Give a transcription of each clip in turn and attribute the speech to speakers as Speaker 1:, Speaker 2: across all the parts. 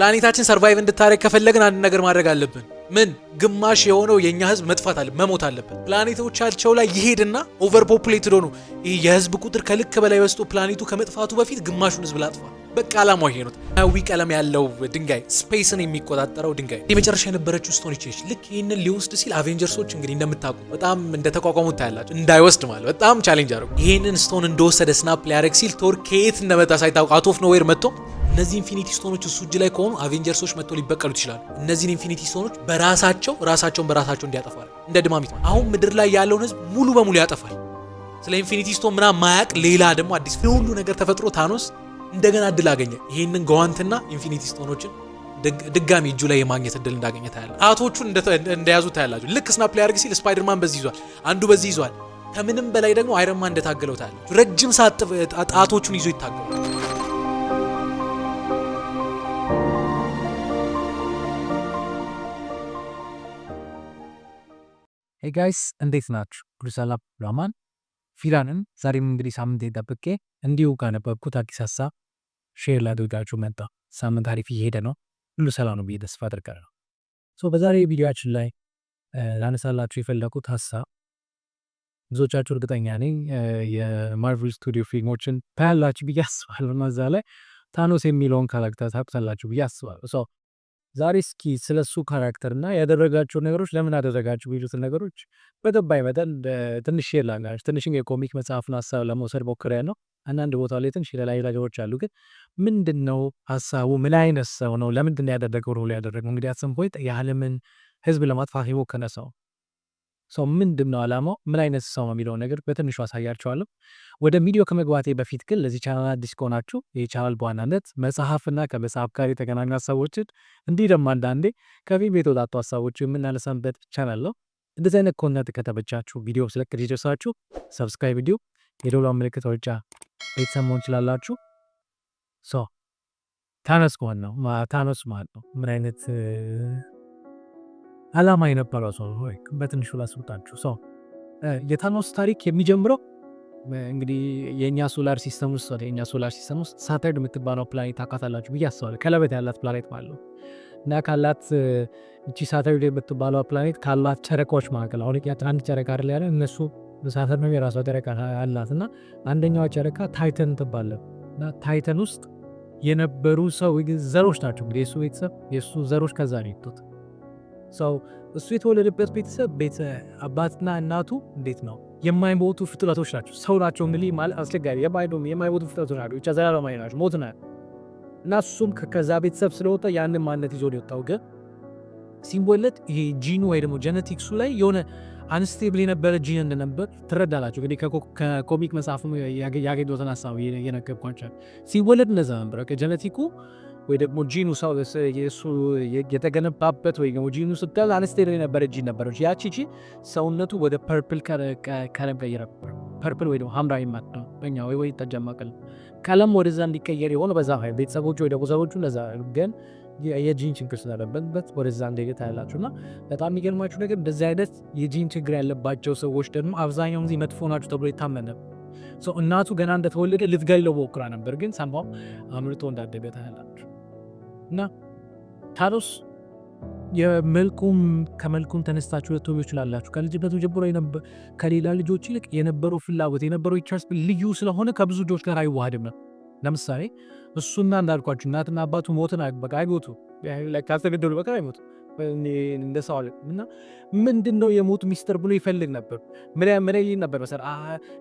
Speaker 1: ፕላኔታችን ሰርቫይቭ እንድታደረግ ከፈለግን አንድ ነገር ማድረግ አለብን። ምን ግማሽ የሆነው የእኛ ህዝብ መጥፋት አለ መሞት አለበት። ፕላኔቶቻቸው ላይ ይሄድና ኦቨር ፖፑሌትድ ሆኑ። ይህ የህዝብ ቁጥር ከልክ በላይ ወስጦ ፕላኔቱ ከመጥፋቱ በፊት ግማሹን ህዝብ ላጥፋ። በቃ አላማው ይሄ ነው። ሰማያዊ ቀለም ያለው ድንጋይ ስፔስን የሚቆጣጠረው ድንጋይ የመጨረሻ የነበረችው ስቶን ይች ነች። ልክ ይህንን ሊወስድ ሲል አቬንጀርሶች እንግዲህ እንደምታውቁ በጣም እንደተቋቋሙ ታያላቸው። እንዳይወስድ ማለት በጣም ቻሌንጅ አድርጉ። ይህንን ስቶን እንደወሰደ ስናፕ ሊያደርግ ሲል ቶር ከየት እንደመጣ ሳይታወቅ አቶፍ ኦፍ ኖዌር መጥቶ እነዚህ ኢንፊኒቲ ስቶኖች እሱ እጅ ላይ ከሆኑ አቬንጀርሶች መጥቶ ሊበቀሉት ይችላሉ። እነዚህን ኢንፊኒቲ ስቶኖች በራሳቸው ራሳቸውን በራሳቸው እንዲያጠፋል እንደ ድማሚት አሁን ምድር ላይ ያለውን ህዝብ ሙሉ በሙሉ ያጠፋል። ስለ ኢንፊኒቲ ስቶን ምናምን ማያቅ ሌላ ደግሞ አዲስ የሁሉ ነገር ተፈጥሮ ታኖስ እንደገና እድል አገኘ። ይህንን ገዋንትና ኢንፊኒቲ ስቶኖችን ድጋሚ እጁ ላይ የማግኘት እድል እንዳገኘ ታያለ። አቶቹን እንደያዙ ታያላችሁ። ልክ ስናፕ ሊያደርግ ሲል ስፓይደርማን በዚህ ይዟል፣ አንዱ በዚህ ይዟል። ከምንም በላይ ደግሞ አይረማ እንደታገለው ታያላችሁ። ረጅም ሰዓት ጣቶቹን ይዞ ይታገሉ
Speaker 2: ሄይ ጋይስ እንዴት ናችሁ? ሁሉ ሰላም ራማን ፊራንን። ዛሬም እንግዲህ ሳምንት የጠብቄ እንዲሁ ካነበብኩት አዲስ ሀሳብ ሼር ላድርጋችሁ መጣ። ሳምንት አሪፍ እየሄደ ነው፣ ሁሉ ሰላም ነው ብዬ ተስፋ አድርጋለሁ። ሶ በዛሬ ቪዲዮችን ላይ ላነሳላችሁ የፈለኩት ሀሳብ ብዙዎቻችሁ እርግጠኛ ነኝ የማርቨል ስቱዲዮ ፊልሞችን ታያላችሁ ብዬ አስባለሁ እና እዛ ላይ ታኖስ የሚለውን ካራክተር ታቁታላችሁ ብዬ አስባለሁ ዛሬ እስኪ ስለ እሱ ካራክተር እና ያደረጋቸው ነገሮች ለምን አደረጋቸው የሚሉትን ነገሮች በገባኝ መጠን ትንሽ ላላቸው ትንሽ የኮሚክ መጽሐፍን ሀሳብ ለመውሰድ ሞክሬ ነው። አንዳንድ ቦታ ላይ ትንሽ ሌላ ነገሮች አሉ፣ ግን ምንድን ነው ሀሳቡ? ምን አይነት ሰው ነው? ለምንድን ያደረገው? ሮል ያደረገው እንግዲህ አት ሰም ፖይንት የዓለምን ሕዝብ ለማጥፋት የሞከረ ሰው ሰው ምንድን ነው አላማው፣ ምን አይነት ሰው ነው የሚለውን ነገር በትንሹ አሳያቸዋለሁ። ወደ ቪዲዮ ከመግባቴ በፊት ግን ለዚህ ቻናል አዲስ ከሆናችሁ ይህ ቻናል በዋናነት መጽሐፍና ከመጽሐፍ ጋር የተገናኙ ሀሳቦችን እንዲህ ደግሞ አንዳንዴ ቤት ወጣቱ ሀሳቦች የምናነሳንበት ቻናል ነው። እንደዚህ አይነት ኮንተንት ከተመቻችሁ ቪዲዮ ስለቅ ደርሳችሁ ሰብስክራይብ፣ ቪዲዮ የደወል ምልክት ወርጫ ቤተሰብ መሆን ችላላችሁ። ታነስ ከሆን ነው ታነሱ ማለት ነው ምን አይነት አላማ የነበረው ሰው ሆይ በትንሹ ላስውጣችሁ። ሰው የታኖስ ታሪክ የሚጀምረው እንግዲህ የእኛ ሶላር ሲስተም ውስጥ የእኛ ሶላር ሲስተም ውስጥ ሳተርን የምትባለው ፕላኔት አካታላችሁ ብዬ አስባለ ቀለበት ያላት ፕላኔት ማለት እና ካላት እቺ ሳተርን የምትባለው ፕላኔት ካላት ጨረቃዎች መካከል አሁን አንድ ጨረቃ አለ ያለ እነሱ ሳተርን የራሷ ጨረቃ አላት እና አንደኛዋ ጨረቃ ታይተን ትባለን እና ታይተን ውስጥ የነበሩ ሰው ዘሮች ናቸው እንግዲህ የእሱ ቤተሰብ የእሱ ዘሮች ከዛ ነው የወጡት ሰው እሱ የተወለደበት ቤተሰብ ቤተ አባትና እናቱ እንዴት ነው የማይሞቱ ፍጥረቶች ናቸው። ሰው ናቸው እንል ማለት አስቸጋሪ የማይሞቱ ፍጥረቶች ናቸው። ብቻ ዘላለማዊ ናቸው። ሞት ና እና እሱም ከዛ ቤተሰብ ስለወጣ ያንን ማነት ይዞ ሊወጣው ግን ሲወለድ ይሄ ጂኑ ወይ ደግሞ ጀነቲክሱ ላይ የሆነ አንስቴብል የነበረ ጂን እንደነበር ትረዳላቸው። እንግዲህ ከኮሚክ መጽሐፍ ያገኘሁትን ሀሳብ የነገርኳቸው ሲወለድ እነዛ ነበረ ጀነቲኩ ወይ ደግሞ ጂኑ ሰው የሱ የተገነባበት ወይ ደግሞ ጂኑ ስትል አነስቴሪ የነበረ ጂን ነበረች። ያቺ ጂ ሰውነቱ ወደ ፐርፕል ከለም ቀይረ ፐርፕል ወይ ደግሞ ሀምራዊ ማት ነው በኛ ወይ ወይ ጠጃማ ቀለም ወደዛ እንዲቀየር የሆነ በዛ ሀይል ቤተሰቦቹ ወይ ደግሞ ሰዎቹ እነዛ ግን የጂን ችግር ስላለበት ወደዛ እንደጌታ ያላችሁ እና በጣም የሚገርማችሁ ነገር እንደዚህ አይነት የጂን ችግር ያለባቸው ሰዎች ደግሞ አብዛኛውን ጊዜ መጥፎ ናቸው ተብሎ ይታመነ እናቱ ገና እንደተወለደ ልትገለው ሞክራ ነበር፣ ግን ሰንባም አምርቶ እንዳደገ ታያላችሁ። እና ታሮስ የመልኩም ከመልኩም ተነስታችሁ ልትሆኑ ይችላላችሁ። ከልጅነቱ ጀምሮ ከሌላ ልጆች ይልቅ የነበረው ፍላጎት የነበረው ኢንተረስት ልዩ ስለሆነ ከብዙ ልጆች ጋር አይዋሃድም ነው። ለምሳሌ እሱና እንዳልኳችሁ እናትና አባቱ ሞትን በቃ አይሞቱ ካስተገደሉ በቀር አይሞቱ እንደ እና ምንድን ነው የሞቱ ሚስጥር ብሎ ይፈልግ ነበር። ምን ይል ነበር መሰ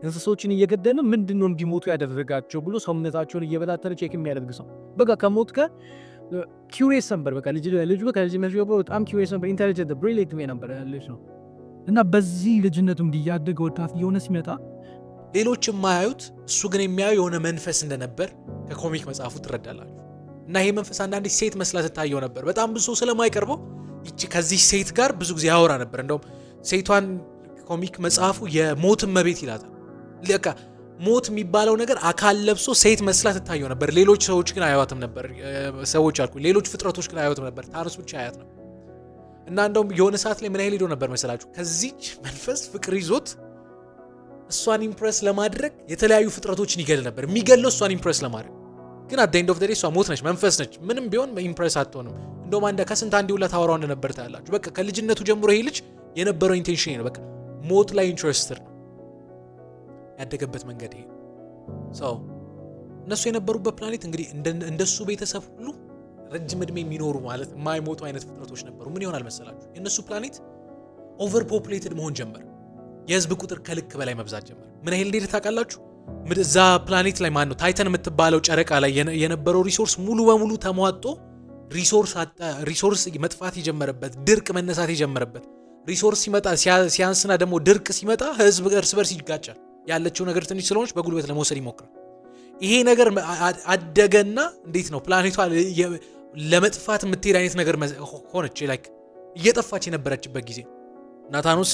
Speaker 2: እንስሶችን እየገደልን ምንድን ነው እንዲሞቱ ያደረጋቸው ብሎ ሰውነታቸውን እየበላተነ ቼክ የሚያደርግ ሰው በቃ ከሞት ጋር ኪውሬስ ነበር። በቃ ልጅ ልጅ በቃ ልጅ በጣም ኪውሬስ ነበር። ኢንተሊጀንት ብሪሊየንት ሜ ነበር ልጅ ነው እና በዚህ ልጅነቱም እንዲያድግ ወጣት እየሆነ ሲመጣ ሌሎች የማያዩት እሱ ግን የሚያዩ የሆነ መንፈስ እንደነበር ከኮሚክ መጽሐፉ ትረዳላችሁ። እና ይሄ መንፈስ አንዳንዴ ሴት መስላ ትታየው ነበር። በጣም ብዙ ሰው ስለማይቀርበው ይቺ ከዚህ ሴት ጋር ብዙ ጊዜ ያወራ ነበር። እንደውም ሴቷን ኮሚክ መጽሐፉ የሞትን መቤት ይላታል። ሞት የሚባለው ነገር አካል ለብሶ ሴት መስላ ትታየው ነበር። ሌሎች ሰዎች ግን አያዋትም ነበር። ሰዎች አልኩ፣ ሌሎች ፍጥረቶች ግን አያዋትም ነበር። ታርስ ብቻ አያት ነበር። እና እንደውም የሆነ ሰዓት ላይ ምን ያህል ሄዶ ነበር መሰላችሁ? ከዚች መንፈስ ፍቅር ይዞት እሷን ኢምፕረስ ለማድረግ የተለያዩ ፍጥረቶችን ይገል ነበር። የሚገለው እሷን ኢምፕረስ ለማድረግ ግን አት ኤንድ ኦፍ ደይ እሷ ሞት ነች፣ መንፈስ ነች። ምንም ቢሆን ኢምፕረስ አትሆንም። እንደውም አንድ ከስንት አንድ ሁለት አወራው እንደነበር ታያላችሁ። በቃ ከልጅነቱ ጀምሮ ይሄ ልጅ የነበረው ኢንቴንሽን ነው። በቃ ሞት ላይ ኢንትረስትድ ነው። ያደገበት መንገድ ይሄ ሰው እነሱ የነበሩበት ፕላኔት እንግዲህ እንደሱ ቤተሰብ ሁሉ ረጅም እድሜ የሚኖሩ ማለት የማይሞቱ አይነት ፍጥረቶች ነበሩ። ምን ይሆናል መሰላችሁ? የእነሱ ፕላኔት ኦቨር ፖፕሌትድ መሆን ጀመር። የህዝብ ቁጥር ከልክ በላይ መብዛት ጀመር። ምን ያህል እንዴት ታውቃላችሁ? እዛ ፕላኔት ላይ ማን ነው ታይተን የምትባለው ጨረቃ ላይ የነበረው ሪሶርስ ሙሉ በሙሉ ተሟጦ ሪሶርስ መጥፋት የጀመረበት ድርቅ መነሳት የጀመረበት ሪሶርስ ሲመጣ ሲያንስና ደግሞ ድርቅ ሲመጣ ህዝብ እርስ በርስ ይጋጫል። ያለችው ነገር ትንሽ ስለሆነች በጉልበት ለመውሰድ ይሞክራል። ይሄ ነገር አደገና እንዴት ነው ፕላኔቷ ለመጥፋት የምትሄድ አይነት ነገር ሆነች። ላይክ እየጠፋች የነበረችበት ጊዜ ናታኖስ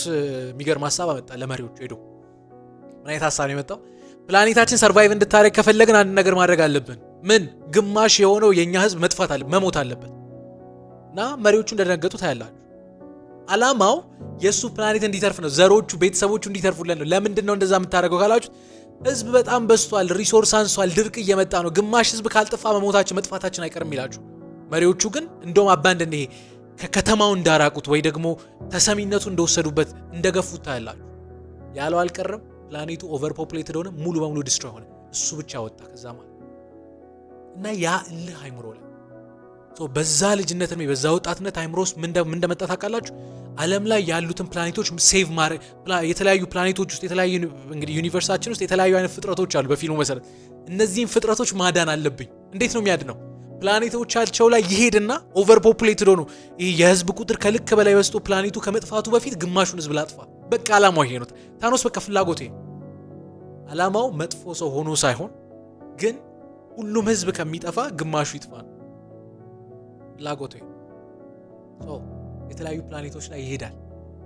Speaker 2: የሚገርም ሀሳብ አመጣ። ለመሪዎቹ ሄዶ ምን አይነት ሀሳብ ነው የመጣው? ፕላኔታችን ሰርቫይቭ እንድታደረግ ከፈለግን አንድ ነገር ማድረግ አለብን። ምን ግማሽ የሆነው የእኛ ህዝብ መጥፋት መሞት አለበት እና መሪዎቹ እንደደነገጡ ታያላችሁ። አላማው የእሱ ፕላኔት እንዲተርፍ ነው። ዘሮቹ ቤተሰቦቹ እንዲተርፉለት ነው። ለምንድን ነው እንደዛ የምታደርገው ካላችሁ ህዝብ በጣም በዝቷል፣ ሪሶርስ አንሷል፣ ድርቅ እየመጣ ነው። ግማሽ ህዝብ ካልጠፋ መሞታችን መጥፋታችን አይቀርም ይላችሁ። መሪዎቹ ግን እንደውም አባንድ ይሄ ከከተማው እንዳራቁት ወይ ደግሞ ተሰሚነቱ እንደወሰዱበት እንደገፉት ታያላችሁ። ያለው አልቀረም። ፕላኔቱ ኦቨር ፖፑሌትድ ሆነ፣ ሙሉ በሙሉ ዲስትሮይ ሆነ። እሱ ብቻ ወጣ ከዛ ማለት እና ያ እልህ አይምሮ ላይ በዛ ልጅነት እድሜ በዛ ወጣትነት አይምሮ ውስጥ ምን እንደመጣ ታውቃላችሁ? ዓለም ላይ ያሉትን ፕላኔቶች ሴቭ ማድረግ የተለያዩ ፕላኔቶች ውስጥ የተለያዩ እንግዲህ ዩኒቨርሳችን ውስጥ የተለያዩ አይነት ፍጥረቶች አሉ። በፊልሙ መሰረት እነዚህን ፍጥረቶች ማዳን አለብኝ። እንዴት ነው የሚያድነው? ፕላኔቶቻቸው ላይ ይሄድና ኦቨር ፖፑሌትድ ሆኖ ይሄ የህዝብ ቁጥር ከልክ በላይ በዝቶ ፕላኔቱ ከመጥፋቱ በፊት ግማሹን ህዝብ ላጥፋ። በቃ አላማው ይሄ ነው። ታኖስ በቃ ፍላጎት ይሄ ዓላማው መጥፎ ሰው ሆኖ ሳይሆን ግን ሁሉም ህዝብ ከሚጠፋ ግማሹ ይጥፋ ነው። ፍላጎቱ የተለያዩ ፕላኔቶች ላይ ይሄዳል።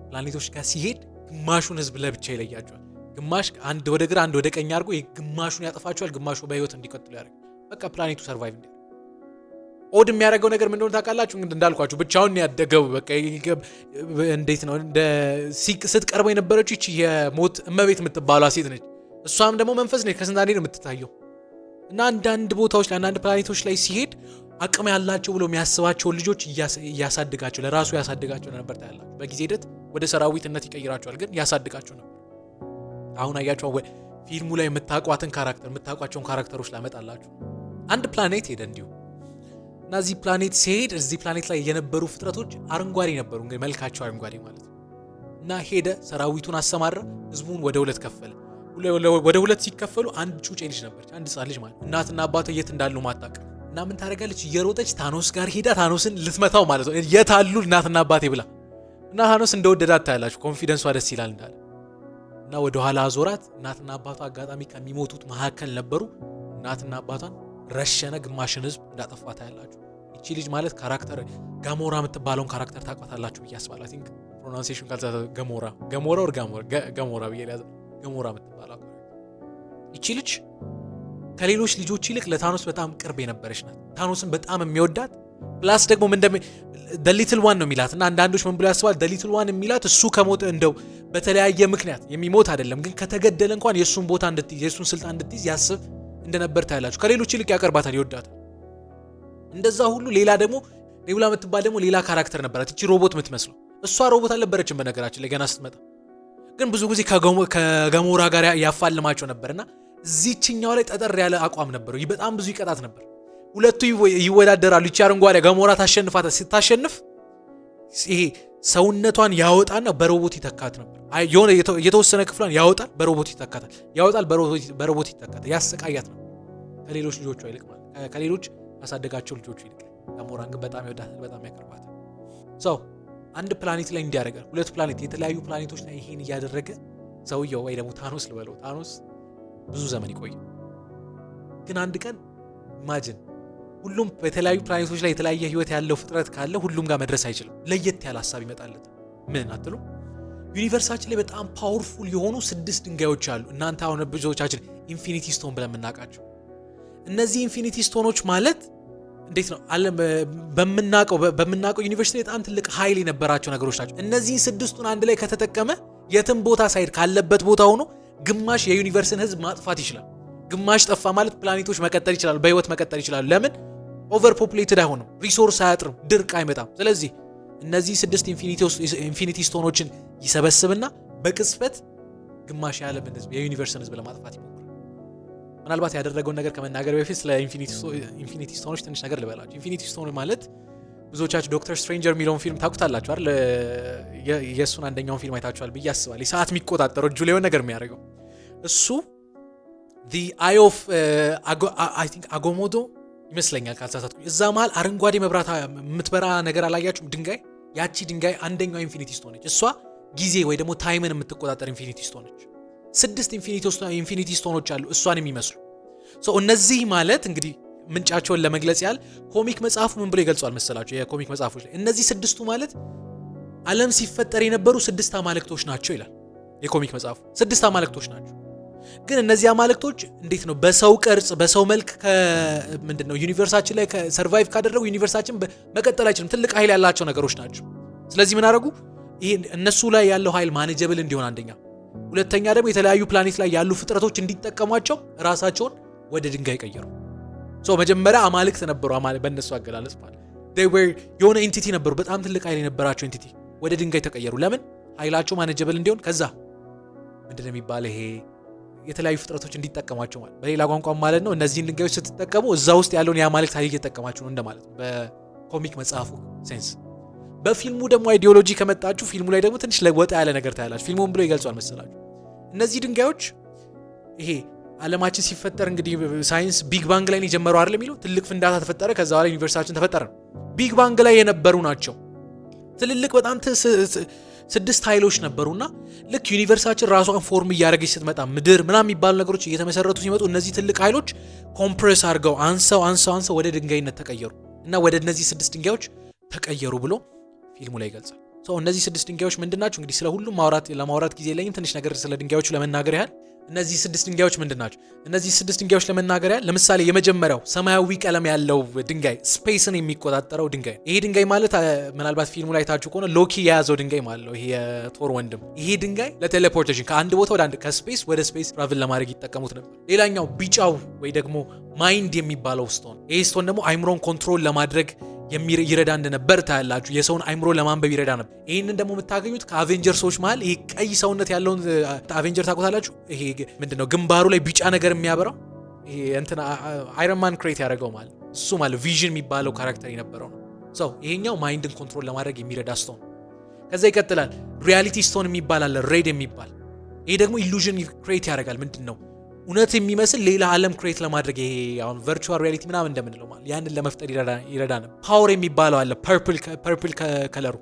Speaker 2: ፕላኔቶች ጋር ሲሄድ ግማሹን ህዝብ ለብቻ ይለያቸዋል። ግማሽ አንድ ወደ ግራ አንድ ወደ ቀኝ አድርጎ ግማሹን ያጠፋቸዋል፣ ግማሹ በህይወት እንዲቀጥሉ ያደርግ በቃ ፕላኔቱ ሰርቫይቭ እንዲ ኦድ የሚያደርገው ነገር ምንደሆነ ታውቃላችሁ ታውቃላችሁ? እንዳልኳችሁ ብቻውን ያደገው በቃ እንዴት ነው እንደ ስትቀርበው የነበረችው ይቺ የሞት እመቤት የምትባሏ ሴት ነች። እሷም ደግሞ መንፈስ ነች። ከስንት አንዴ ነው የምትታየው እና አንዳንድ ቦታዎች ላይ አንዳንድ ፕላኔቶች ላይ ሲሄድ አቅም ያላቸው ብሎ የሚያስባቸውን ልጆች እያሳድጋቸው ለራሱ ያሳድጋቸው ነበር ታያላችሁ። በጊዜ ሂደት ወደ ሰራዊትነት ይቀይራቸዋል፣ ግን ያሳድጋቸው ነበር። አሁን አያቸው ፊልሙ ላይ የምታቋትን ካራክተር የምታቋቸውን ካራክተሮች ላመጣላችሁ አንድ ፕላኔት ሄደ እንዲሁ እና እዚህ ፕላኔት ሲሄድ እዚህ ፕላኔት ላይ የነበሩ ፍጥረቶች አረንጓዴ ነበሩ፣ እንግዲህ መልካቸው አረንጓዴ ማለት ነው። እና ሄደ ሰራዊቱን አሰማራ፣ ህዝቡን ወደ ሁለት ከፈለ። ወደ ሁለት ሲከፈሉ አንድ ጩጬ ልጅ ነበረች፣ አንድ ህጻን ልጅ ማለት እናትና አባቷ የት እንዳሉ ማታውቅ እና ምን ታደርጋለች? እየሮጠች ታኖስ ጋር ሄዳ ታኖስን ልትመታው ማለት ነው። የት አሉ እናትና አባቴ ብላ እና ታኖስ እንደወደዳት ታያላችሁ። ኮንፊደንሷ ደስ ይላል እንዳለ እና ወደኋላ አዞራት። እናትና አባቷ አጋጣሚ ከሚሞቱት መካከል ነበሩ። እናትና አባቷን ረሸነ፣ ግማሽን ህዝብ እንዳጠፋ ታያላችሁ። ይቺ ልጅ ማለት ካራክተር ጋሞራ የምትባለውን ካራክተር ታቋታላችሁ ብዬ አስባለሁ። ፕሮናንሴሽን ካልዛ ገሞራ ገሞራ ገሞራ ብዬ ገሞራ የምትባል አቋራጭ። ይቺ ልጅ ከሌሎች ልጆች ይልቅ ለታኖስ በጣም ቅርብ የነበረች ናት። ታኖስን በጣም የሚወዳት ፕላስ ደግሞ ደሊትል ዋን ነው የሚላት እና አንዳንዶች ምን ብሎ ያስባል ደሊትል ዋን የሚላት እሱ ከሞት እንደው በተለያየ ምክንያት የሚሞት አይደለም፣ ግን ከተገደለ እንኳን የእሱን ቦታ እንድትይዝ የእሱን ስልጣን እንድትይዝ ያስብ እንደነበር ታያላችሁ። ከሌሎች ይልቅ ያቀርባታል፣ ይወዳታል። እንደዛ ሁሉ ሌላ ደግሞ ኔቡላ የምትባል ደግሞ ሌላ ካራክተር ነበራት። እቺ ሮቦት የምትመስለው እሷ ሮቦት አልነበረችም በነገራችን ላይ ገና ስትመጣ ግን ብዙ ጊዜ ከገሞራ ጋር ያፋልማቸው ነበርና እዚችኛው ላይ ጠጠር ያለ አቋም ነበረው። በጣም ብዙ ይቀጣት ነበር። ሁለቱ ይወዳደራሉ። ይቺ አረንጓዴ ገሞራ ታሸንፋት ስታሸንፍ ይሄ ሰውነቷን ያወጣና በሮቦት ይተካት ነበር። የሆነ የተወሰነ ክፍሏን ያወጣል፣ በሮቦት ይተካታል፣ ያወጣል፣ በሮቦት ይተካታል። ያሰቃያት ነው ከሌሎች ልጆቹ ይልቅ ማለት ከሌሎች ያሳደጋቸው ልጆቹ ይልቅ ገሞራን ግን በጣም ይወዳታል፣ በጣም ያቀርባታል ሰው አንድ ፕላኔት ላይ እንዲያደረገ ሁለት ፕላኔት የተለያዩ ፕላኔቶች ላይ ይሄን እያደረገ ሰውየው ወይ ደግሞ ታኖስ ልበለው ታኖስ ብዙ ዘመን ይቆይ። ግን አንድ ቀን ኢማጅን ሁሉም በተለያዩ ፕላኔቶች ላይ የተለያየ ህይወት ያለው ፍጥረት ካለ ሁሉም ጋር መድረስ አይችልም። ለየት ያለ ሀሳብ ይመጣለት። ምን አትሉ? ዩኒቨርሳችን ላይ በጣም ፓወርፉል የሆኑ ስድስት ድንጋዮች አሉ። እናንተ አሁን ብዙዎቻችን ኢንፊኒቲ ስቶን ብለን የምናውቃቸው እነዚህ ኢንፊኒቲ ስቶኖች ማለት እንዴት ነው አለ በምናቀው በምናቀው ዩኒቨርሲቲ በጣም ትልቅ ኃይል የነበራቸው ነገሮች ናቸው። እነዚህን ስድስቱን አንድ ላይ ከተጠቀመ የትም ቦታ ሳይድ ካለበት ቦታ ሆኖ ግማሽ የዩኒቨርስን ህዝብ ማጥፋት ይችላል። ግማሽ ጠፋ ማለት ፕላኔቶች መቀጠል ይችላሉ፣ በህይወት መቀጠል ይችላሉ። ለምን ኦቨር ፖፕሌትድ አይሆንም፣ ሪሶርስ አያጥርም፣ ድርቅ አይመጣም። ስለዚህ እነዚህ ስድስት ኢንፊኒቲ ስቶኖችን ይሰበስብና በቅጽበት ግማሽ የዓለምን ህዝብ የዩኒቨርስን ህዝብ ለማጥፋት ምናልባት ያደረገውን ነገር ከመናገር በፊት ስለ ኢንፊኒቲ ስቶኖች ትንሽ ነገር ልበላችሁ። ኢንፊኒቲ ስቶን ማለት ብዙዎቻችሁ ዶክተር ስትሬንጀር የሚለውን ፊልም ታውቁታላችሁ አይደል? የእሱን አንደኛውን ፊልም አይታችኋል ብዬ አስባል ሰዓት የሚቆጣጠረው እጁ ላይ ነገር የሚያደርገው እሱ አይ ኦፍ አጎሞዶ ይመስለኛል ካልሳሳትኩኝ። እዛ መሀል አረንጓዴ መብራት የምትበራ ነገር አላያችሁም? ድንጋይ። ያቺ ድንጋይ አንደኛው ኢንፊኒቲ ስቶነች እሷ ጊዜ ወይ ደግሞ ታይምን የምትቆጣጠር ኢንፊኒቲ ስቶነች ስድስት ኢንፊኒቲ ስቶኖች አሉ እሷን የሚመስሉ እነዚህ ማለት እንግዲህ ምንጫቸውን ለመግለጽ ያህል ኮሚክ መጽሐፉ ምን ብሎ ይገልጿል መሰላቸው? የኮሚክ መጽሐፎች ላይ እነዚህ ስድስቱ ማለት ዓለም ሲፈጠር የነበሩ ስድስት አማልክቶች ናቸው ይላል የኮሚክ መጽሐፉ። ስድስት አማልክቶች ናቸው። ግን እነዚህ አማልክቶች እንዴት ነው በሰው ቅርጽ በሰው መልክ ምንድን ነው ዩኒቨርሳችን ላይ ሰርቫይቭ ካደረጉ ዩኒቨርሳችን መቀጠል አይችልም። ትልቅ ኃይል ያላቸው ነገሮች ናቸው። ስለዚህ ምን አደረጉ? ይህ እነሱ ላይ ያለው ኃይል ማኔጀብል እንዲሆን አንደኛ ሁለተኛ ደግሞ የተለያዩ ፕላኔት ላይ ያሉ ፍጥረቶች እንዲጠቀሟቸው ራሳቸውን ወደ ድንጋይ ቀየሩ። መጀመሪያ አማልክት ነበሩ። በእነሱ አገላለጽ የሆነ ኤንቲቲ ነበሩ፣ በጣም ትልቅ ኃይል የነበራቸው ኤንቲቲ። ወደ ድንጋይ ተቀየሩ። ለምን? ኃይላቸው ማነጀበል እንዲሆን። ከዛ ምንድን ነው የሚባል ይሄ የተለያዩ ፍጥረቶች እንዲጠቀሟቸው ማለት በሌላ ቋንቋ ማለት ነው። እነዚህን ድንጋዮች ስትጠቀሙ እዛ ውስጥ ያለውን የአማልክት ኃይል እየጠቀማቸው ነው እንደማለት ነው በኮሚክ መጽሐፉ ሴንስ በፊልሙ ደግሞ አይዲዮሎጂ ከመጣችሁ ፊልሙ ላይ ደግሞ ትንሽ ወጣ ያለ ነገር ታያላችሁ። ፊልሙን ብሎ ይገልጿል መሰላችሁ። እነዚህ ድንጋዮች ይሄ አለማችን ሲፈጠር እንግዲህ ሳይንስ ቢግ ባንግ ላይ የጀመረው አይደል የሚለው ትልቅ ፍንዳታ ተፈጠረ፣ ከዛ በኋላ ዩኒቨርሳችን ተፈጠረ ነው። ቢግ ባንግ ላይ የነበሩ ናቸው። ትልልቅ በጣም ስድስት ኃይሎች ነበሩና ልክ ዩኒቨርሳችን ራሷን ፎርም እያደረገች ስትመጣ ምድር ምናምን የሚባሉ ነገሮች እየተመሰረቱ ሲመጡ እነዚህ ትልቅ ኃይሎች ኮምፕሬስ አድርገው አንሰው አንሰው አንሰው ወደ ድንጋይነት ተቀየሩ እና ወደ እነዚህ ስድስት ድንጋዮች ተቀየሩ ብሎ ፊልሙ ላይ ይገልጻል። ሰው እነዚህ ስድስት ድንጋዮች ምንድን ናቸው? እንግዲህ ስለ ሁሉም ማውራት ለማውራት ጊዜ የለኝም። ትንሽ ነገር ስለ ድንጋዮቹ ለመናገር ያህል እነዚህ ስድስት ድንጋዮች ምንድን ናቸው? እነዚህ ስድስት ድንጋዮች ለመናገር ያህል ለምሳሌ የመጀመሪያው ሰማያዊ ቀለም ያለው ድንጋይ ስፔስን የሚቆጣጠረው ድንጋይ። ይሄ ድንጋይ ማለት ምናልባት ፊልሙ ላይ ታችሁ ከሆነ ሎኪ የያዘው ድንጋይ ማለት ነው። ይሄ የቶር ወንድም። ይሄ ድንጋይ ለቴሌፖርቴሽን ከአንድ ቦታ ወደ አንድ ከስፔስ ወደ ስፔስ ትራቭል ለማድረግ ይጠቀሙት ነበር። ሌላኛው ቢጫው ወይ ደግሞ ማይንድ የሚባለው ስቶን። ይሄ ስቶን ደግሞ አይምሮን ኮንትሮል ለማድረግ ይረዳ እንደነበር ታያላችሁ። የሰውን አይምሮ ለማንበብ ይረዳ ነበር። ይህንን ደግሞ የምታገኙት ሰዎች መሀል ይሄ ቀይ ሰውነት ያለውን አቬንጀር ታቆታላችሁ። ይሄ ምንድነው ግንባሩ ላይ ቢጫ ነገር የሚያበራው ይሄ እንትን አይረንማን ክሬት ያደረገው ማለት እሱ ማለት ቪዥን የሚባለው ካራክተር የነበረው ነው። ሰው ይሄኛው ማይንድን ኮንትሮል ለማድረግ የሚረዳ ስቶን። ከዛ ይቀጥላል ሪያሊቲ ስቶን የሚባል አለ፣ ሬድ የሚባል ይሄ ደግሞ ኢሉዥን ክሬት ያደርጋል። ምንድን ነው እውነት የሚመስል ሌላ ዓለም ክሬት ለማድረግ ይሄ አሁን ቨርቹዋል ሪያሊቲ ምናምን እንደምንለው ማለት ያንን ለመፍጠር ይረዳ ነው። ፓወር የሚባለው አለ ፐርፕል ከለሩ።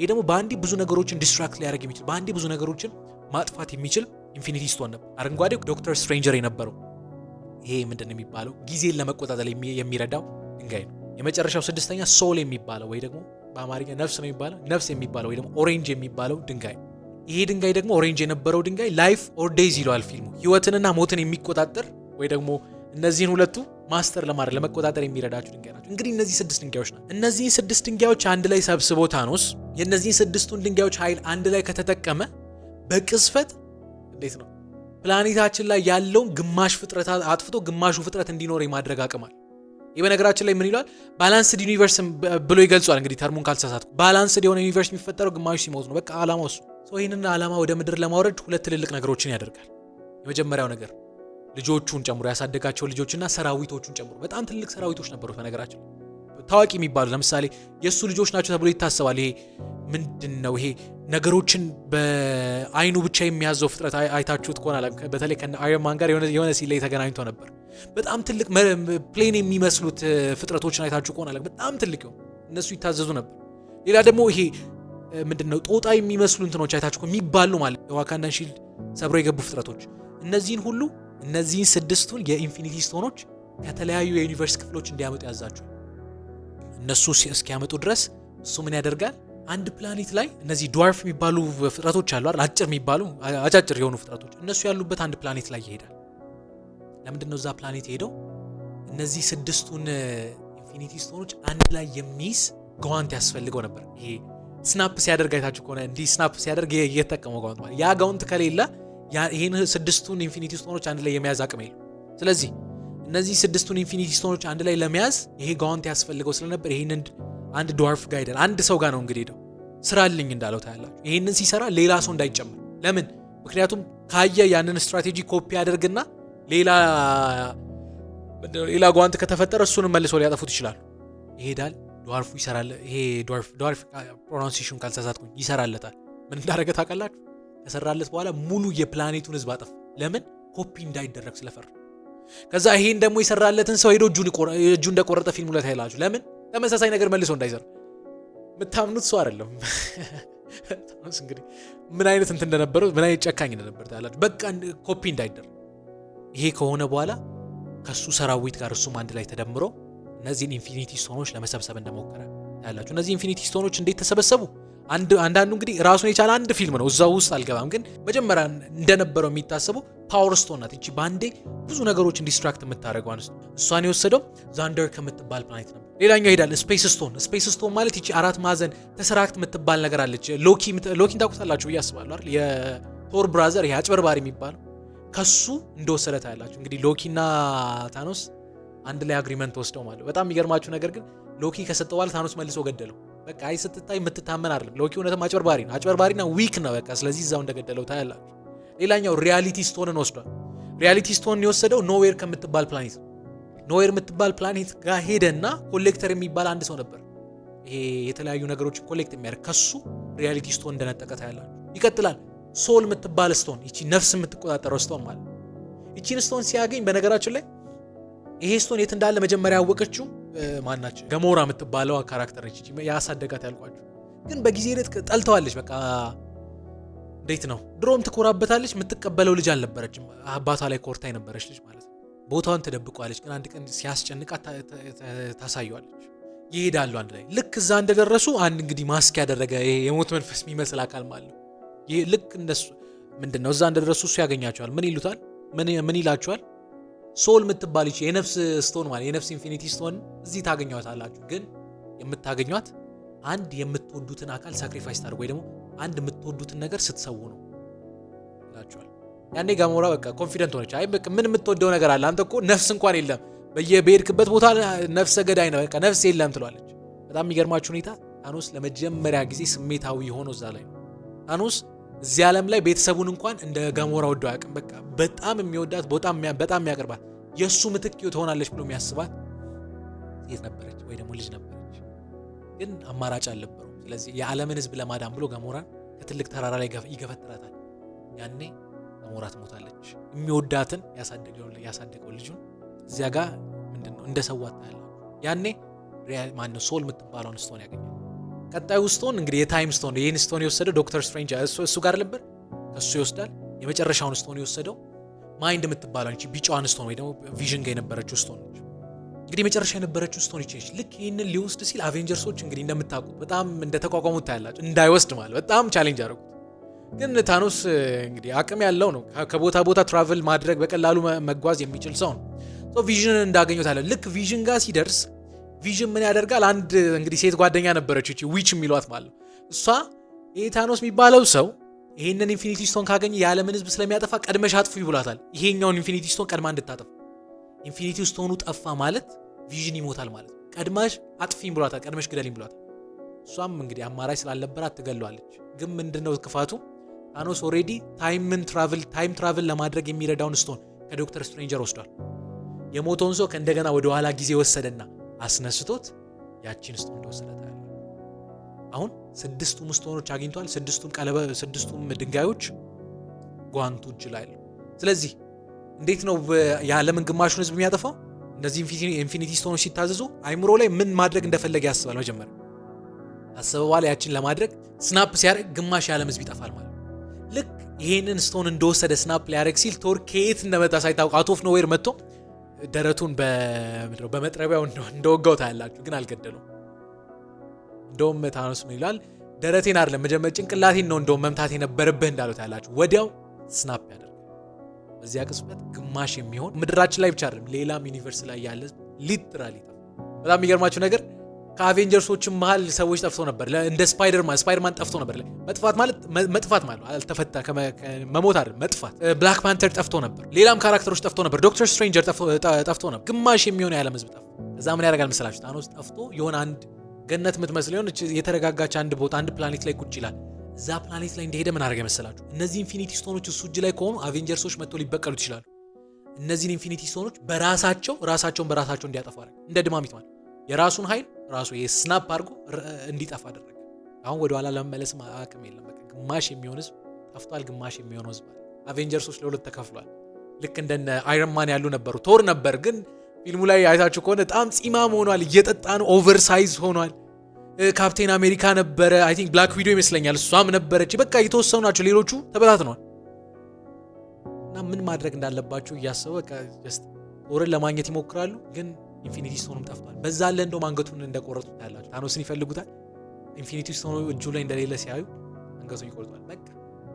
Speaker 2: ይሄ ደግሞ በአንዴ ብዙ ነገሮችን ዲስትራክት ሊያደርግ የሚችል በአንዴ ብዙ ነገሮችን ማጥፋት የሚችል ኢንፊኒቲ ስቶን ነበር። አረንጓዴው ዶክተር ስትሬንጀር የነበረው ይሄ ምንድን ነው የሚባለው ጊዜን ለመቆጣጠል የሚረዳው ድንጋይ ነው። የመጨረሻው ስድስተኛ ሶል የሚባለው ወይ ደግሞ በአማርኛ ነፍስ ነው የሚባለው ነፍስ የሚባለው ወይ ደግሞ ኦሬንጅ የሚባለው ድንጋይ ነው። ይሄ ድንጋይ ደግሞ ኦሬንጅ የነበረው ድንጋይ ላይፍ ኦር ዴዝ ይለዋል ፊልሙ። ህይወትንና ሞትን የሚቆጣጠር ወይ ደግሞ እነዚህን ሁለቱ ማስተር ለማድረግ ለመቆጣጠር የሚረዳቸው ድንጋይ ናቸው። እንግዲህ እነዚህ ስድስት ድንጋዮች ናቸው። እነዚህን ስድስት ድንጋዮች አንድ ላይ ሰብስቦ ታኖስ የእነዚህን ስድስቱን ድንጋዮች ኃይል አንድ ላይ ከተጠቀመ በቅስፈት እንዴት ነው ፕላኔታችን ላይ ያለውን ግማሽ ፍጥረት አጥፍቶ ግማሹ ፍጥረት እንዲኖር የማድረግ አቅማል። ይህ በነገራችን ላይ ምን ይሏል? ባላንስድ ዩኒቨርስ ብሎ ይገልጿል። እንግዲህ ተርሙን ካልተሳሳትኩ ባላንስድ የሆነ ዩኒቨርስ የሚፈጠረው ግማሹ ሲሞት ነው። በቃ አላማው እሱ ይህንን ዓላማ ወደ ምድር ለማውረድ ሁለት ትልልቅ ነገሮችን ያደርጋል። የመጀመሪያው ነገር ልጆቹን ጨምሮ ያሳደጋቸው ልጆችና ሰራዊቶቹን ጨምሮ በጣም ትልልቅ ሰራዊቶች ነበሩት። በነገራችን ታዋቂ የሚባሉ ለምሳሌ የእሱ ልጆች ናቸው ተብሎ ይታሰባል። ይሄ ምንድን ነው? ይሄ ነገሮችን በአይኑ ብቻ የሚያዘው ፍጥረት አይታችሁት ከሆነ በተለይ ከአየርማን ጋር የሆነ ሲል ላይ ተገናኝቶ ነበር። በጣም ትልቅ ፕሌን የሚመስሉት ፍጥረቶችን አይታችሁ ከሆነ በጣም ትልቅ እነሱ ይታዘዙ ነበር። ሌላ ደግሞ ይሄ ምንድነው ጦጣ የሚመስሉ እንትኖች አይታችሁ የሚባሉ ማለት የዋካንዳን ሺልድ ሰብሮ የገቡ ፍጥረቶች እነዚህን ሁሉ እነዚህን ስድስቱን የኢንፊኒቲ ስቶኖች ከተለያዩ የዩኒቨርስ ክፍሎች እንዲያመጡ ያዛቸው። እነሱ እስኪያመጡ ድረስ እሱ ምን ያደርጋል? አንድ ፕላኔት ላይ እነዚህ ድዋርፍ የሚባሉ ፍጥረቶች አሉ አይደል? አጭር የሚባሉ አጫጭር የሆኑ ፍጥረቶች እነሱ ያሉበት አንድ ፕላኔት ላይ ይሄዳል። ለምንድነው እዛ ፕላኔት ሄደው እነዚህ ስድስቱን ኢንፊኒቲ ስቶኖች አንድ ላይ የሚይዝ ጓንት ያስፈልገው ነበር ይሄ ስናፕ ሲያደርግ አይታችሁ ከሆነ እንዲህ ስናፕ ሲያደርግ እየተጠቀመ ጋውንት ማለት ያ ጋውንት ከሌለ ይህን ስድስቱን ኢንፊኒቲ ስቶኖች አንድ ላይ የመያዝ አቅም የለም። ስለዚህ እነዚህ ስድስቱን ኢንፊኒቲ ስቶኖች አንድ ላይ ለመያዝ ይሄ ጋውንት ያስፈልገው ስለነበር ይህንን አንድ ድዋርፍ ጋይደን አንድ ሰው ጋር ነው እንግዲህ ሄደው ስራልኝ እንዳለው ታያላችሁ። ይህንን ሲሰራ ሌላ ሰው እንዳይጨምር ለምን? ምክንያቱም ካየ ያንን ስትራቴጂ ኮፒ ያደርግና ሌላ ሌላ ጓንት ከተፈጠረ እሱንም መልሰው ሊያጠፉት ይችላሉ። ይሄዳል ዶዋርፉ ይሰራል። ይሄ ዶዋርፍ ፕሮናንሴሽን ካልተሳሳትኩኝ ይሰራለታል። ምን እንዳደረገ ታውቃላችሁ? ከሰራለት በኋላ ሙሉ የፕላኔቱን ህዝብ አጠፍ ለምን? ኮፒ እንዳይደረግ ስለፈራ። ከዛ ይሄን ደግሞ የሰራለትን ሰው ሄዶ እጁ እንደቆረጠ ፊልሙ ላይ ታይላችሁ። ለምን? ተመሳሳይ ነገር መልሶ እንዳይሰራ። የምታምኑት ሰው አይደለም። እንግዲህ ምን አይነት እንት እንደነበረ ምን አይነት ጨካኝ እንደነበረ ታያላችሁ። በቃ ኮፒ እንዳይደረግ። ይሄ ከሆነ በኋላ ከሱ ሰራዊት ጋር እሱም አንድ ላይ ተደምሮ እነዚህን ኢንፊኒቲ ስቶኖች ለመሰብሰብ እንደሞከረ ያላችሁ። እነዚህ ኢንፊኒቲ ስቶኖች እንዴት ተሰበሰቡ? አንዳንዱ እንግዲህ ራሱን የቻለ አንድ ፊልም ነው፣ እዛው ውስጥ አልገባም። ግን መጀመሪያ እንደነበረው የሚታሰበው ፓወር ስቶን ናት። እቺ በአንዴ ብዙ ነገሮች እንዲስትራክት የምታደርገው አንስ እሷን የወሰደው ዛንደር ከምትባል ፕላኔት ነው። ሌላኛው ይሄዳል ስፔስ ስቶን። ስፔስ ስቶን ማለት እቺ አራት ማዕዘን ተሰራክት የምትባል ነገር አለች። ሎኪ ሎኪን ታውቁታላችሁ ብዬ አስባለሁ አይደል? የቶር ብራዘር ይሄ አጭበርባሪ የሚባለው ከሱ እንደወሰደ ታያላችሁ። እንግዲህ ሎኪና ታኖስ አንድ ላይ አግሪመንት ወስደው ማለት። በጣም የሚገርማችሁ ነገር ግን ሎኪ ከሰጠው በኋላ ታኖስ መልሶ ገደለው። በቃ አይ ስትታይ የምትታመን አይደለም ሎኪ እውነትም አጭበርባሪ ነው። አጭበርባሪና ዊክ ነው በቃ። ስለዚህ እዛው እንደገደለው ታያላችሁ። ሌላኛው ሪያሊቲ ስቶንን ወስዷል። ሪያሊቲ ስቶንን የወሰደው ኖዌር ከምትባል ፕላኔት ኖዌር የምትባል ፕላኔት ጋር ሄደና ኮሌክተር የሚባል አንድ ሰው ነበር። ይሄ የተለያዩ ነገሮች ኮሌክት የሚያደርግ ከሱ ሪያሊቲ ስቶን እንደነጠቀ ታያላችሁ። ይቀጥላል ሶል የምትባል ስቶን፣ ይቺ ነፍስ የምትቆጣጠረው ስቶን ማለት ይቺን ስቶን ሲያገኝ በነገራችን ላይ ይሄ ስቶን የት እንዳለ መጀመሪያ ያወቀችው ማናቸው ገሞራ የምትባለው ካራክተር ነች። ያሳደጋት ያልኳችሁ ግን በጊዜ ሂደት ጠልተዋለች። በቃ እንዴት ነው ድሮም ትኮራበታለች። የምትቀበለው ልጅ አልነበረችም። አባቷ ላይ ኮርታ የነበረች ልጅ ማለት ነው። ቦታውን ትደብቋለች። ግን አንድ ቀን ሲያስጨንቃት ታሳየዋለች። ይሄዳሉ አንድ ላይ። ልክ እዛ እንደደረሱ አንድ እንግዲህ ማስክ ያደረገ የሞት መንፈስ የሚመስል አካል ማለ ልክ እንደሱ ምንድን ነው እዛ እንደደረሱ እሱ ያገኛቸዋል። ምን ይሉታል? ምን ይላቸዋል? ሶል የምትባል ይች የነፍስ ስቶን ማለት የነፍስ ኢንፊኒቲ ስቶን እዚህ ታገኟታላችሁ። ግን የምታገኟት አንድ የምትወዱትን አካል ሳክሪፋይስ ታደርጉ ወይ ደግሞ አንድ የምትወዱትን ነገር ስትሰው ነው ይላችኋል። ያኔ ጋሞራ በቃ ኮንፊደንት ሆነች። አይ በቃ ምን የምትወደው ነገር አለ? አንተ እኮ ነፍስ እንኳን የለም በየሄድክበት ቦታ ነፍሰ ገዳይ ነው በቃ ነፍስ የለም ትሏለች። በጣም የሚገርማችሁ ሁኔታ ታኖስ ለመጀመሪያ ጊዜ ስሜታዊ ሆኖ እዛ ላይ ነው ታኖስ እዚህ ዓለም ላይ ቤተሰቡን እንኳን እንደ ገሞራ ወዶ አያውቅም። በቃ በጣም የሚወዳት በጣም የሚያቀርባት የእሱ ምትክ ትሆናለች ብሎ የሚያስባት ሴት ነበረች ወይ ደግሞ ልጅ ነበረች። ግን አማራጭ አልነበረውም። ስለዚህ የዓለምን ህዝብ ለማዳን ብሎ ገሞራን ከትልቅ ተራራ ላይ ይገፈትራታል። ያኔ ገሞራ ትሞታለች። የሚወዳትን ያሳደገው ልጁን እዚያ ጋር ምንድነው እንደሰዋት ያለ ያኔ ማነው ሶል የምትባለውን ስቶን ያገኛል። ቀጣዩ ስቶን እንግዲህ የታይም ስቶን ይህን ስቶን የወሰደው ዶክተር ስትሬንጅ እሱ ጋር ነበር፣ ከሱ ይወስዳል። የመጨረሻውን ስቶን የወሰደው ማይንድ የምትባለው ች ቢጫዋን ስቶን ወይ ደግሞ ቪዥን ጋር የነበረችው ስቶን ነች። እንግዲህ የመጨረሻ የነበረችው ስቶን ይች ነች። ልክ ይህንን ሊወስድ ሲል አቬንጀርሶች እንግዲህ እንደምታውቁት በጣም እንደተቋቋሙ ታያላቸው እንዳይወስድ ማለት በጣም ቻሌንጅ አደረጉት። ግን ታኖስ እንግዲህ አቅም ያለው ነው። ከቦታ ቦታ ትራቨል ማድረግ በቀላሉ መጓዝ የሚችል ሰው ነው። ቪዥንን እንዳገኘት አለ ልክ ቪዥን ጋር ሲደርስ ቪዥን ምን ያደርጋል? አንድ እንግዲህ ሴት ጓደኛ ነበረች እቺ ዊች የሚሏት ማለት ነው። እሷ ይሄ ታኖስ የሚባለው ሰው ይሄንን ኢንፊኒቲ ስቶን ካገኘ የዓለምን ህዝብ ስለሚያጠፋ ቀድመሽ አጥፉ ይብሏታል። ይሄኛውን ኢንፊኒቲ ስቶን ቀድማ እንድታጠፉ። ኢንፊኒቲ ስቶኑ ጠፋ ማለት ቪዥን ይሞታል ማለት ነው። ቀድማሽ አጥፊኝ ብሏታል። ቀድመሽ ግደልኝ ብሏታል። እሷም እንግዲህ አማራጭ ስላልነበራት ትገለዋለች። ግን ምንድነው ክፋቱ? ታኖስ ኦሬዲ ታይምን ትራቭል ታይም ትራቭል ለማድረግ የሚረዳውን ስቶን ከዶክተር ስትሬንጀር ወስዷል። የሞተውን ሰው ከእንደገና ወደኋላ ጊዜ ወሰደና አስነስቶት ያቺን ስጦን እንደወሰዳት አሁን ስድስቱም ስቶኖች አግኝቷል። ስድስቱም ቀለበ ስድስቱም ድንጋዮች ጓንቱ እጅ ላይ አለው። ስለዚህ እንዴት ነው የዓለምን ግማሹን ህዝብ የሚያጠፋው? እነዚህ ኢንፊኒቲ ስቶኖች ሲታዘዙ አይምሮ ላይ ምን ማድረግ እንደፈለገ ያስባል። መጀመር አሰበ፣ በኋላ ያችን ለማድረግ ስናፕ ሲያደርግ ግማሽ የዓለም ህዝብ ይጠፋል ማለት ልክ ይህንን ስቶን እንደወሰደ ስናፕ ሊያደርግ ሲል ቶር ከየት እንደመጣ ሳይታወቅ አውት ነው ወይር መጥቶ ደረቱን በመጥረቢያው እንደወጋው ታያላችሁ፣ ግን አልገደለው። እንደውም ታኖስ ምን ይላል? ደረቴን አይደለም መጀመር ጭንቅላቴን ነው እንደውም መምታት የነበረብህ እንዳለው ታያላችሁ። ወዲያው ስናፕ ያደርጋል። በዚያ ቅጽበት ግማሽ የሚሆን ምድራችን ላይ ብቻ አይደለም ሌላም ዩኒቨርስ ላይ ያለ ሊትራሊ። በጣም የሚገርማችሁ ነገር ከአቬንጀርሶችም መሀል ሰዎች ጠፍቶ ነበር። እንደ ስፓይደርማን ስፓይደርማን ጠፍቶ ነበር። መጥፋት ማለት መጥፋት ማለት አልተፈታ መሞት አይደል መጥፋት። ብላክ ፓንተር ጠፍቶ ነበር። ሌላም ካራክተሮች ጠፍቶ ነበር። ዶክተር ስትሬንጀር ጠፍቶ ነበር። ግማሽ የሚሆነ የዓለም ህዝብ ጠፍቶ እዛ ምን ያደርጋል መሰላችሁ? ታኖስ ጠፍቶ የሆነ አንድ ገነት የምትመስል የሆነ የተረጋጋች አንድ ቦታ አንድ ፕላኔት ላይ ቁጭ ይላል። እዛ ፕላኔት ላይ እንደሄደ ምን አደረገ መሰላችሁ? እነዚህ ኢንፊኒቲ ስቶኖች እሱ እጅ ላይ ከሆኑ አቬንጀርሶች መጥቶ ሊበቀሉት ይችላሉ። እነዚህን ኢንፊኒቲ ስቶኖች በራሳቸው ራሳቸውን በራሳቸው እንዲያጠፋ እንደ ድማሚት ማለት የራሱን ኃይል ራሱ የስናፕ አድርጎ እንዲጠፋ አደረገ። አሁን ወደኋላ ለመመለስ አቅም የለም። በቃ ግማሽ የሚሆን ህዝብ ጠፍቷል፣ ግማሽ የሚሆን ህዝብ አቬንጀርሶች ለሁለት ተከፍሏል። ልክ እንደነ አይረንማን ያሉ ነበሩ። ቶር ነበር ግን ፊልሙ ላይ አይታችሁ ከሆነ በጣም ፂማም ሆኗል፣ እየጠጣ ነው፣ ኦቨርሳይዝ ሆኗል። ካፕቴን አሜሪካ ነበረ፣ አይ ቲንክ ብላክ ቪዲዮ ይመስለኛል፣ እሷም ነበረች። በቃ የተወሰኑ ናቸው፣ ሌሎቹ ተበታትነዋል። እና ምን ማድረግ እንዳለባቸው እያሰበ ቶርን ለማግኘት ይሞክራሉ ግን ኢንፊኒቲ ስቶንም ጠፍቷል። በዛ ለ እንደውም አንገቱን እንደቆረጡ ያላቸው ታኖስን ይፈልጉታል። ኢንፊኒቲ ስቶኑ እጁ ላይ እንደሌለ ሲያዩ አንገቱን ይቆርጧል። በቃ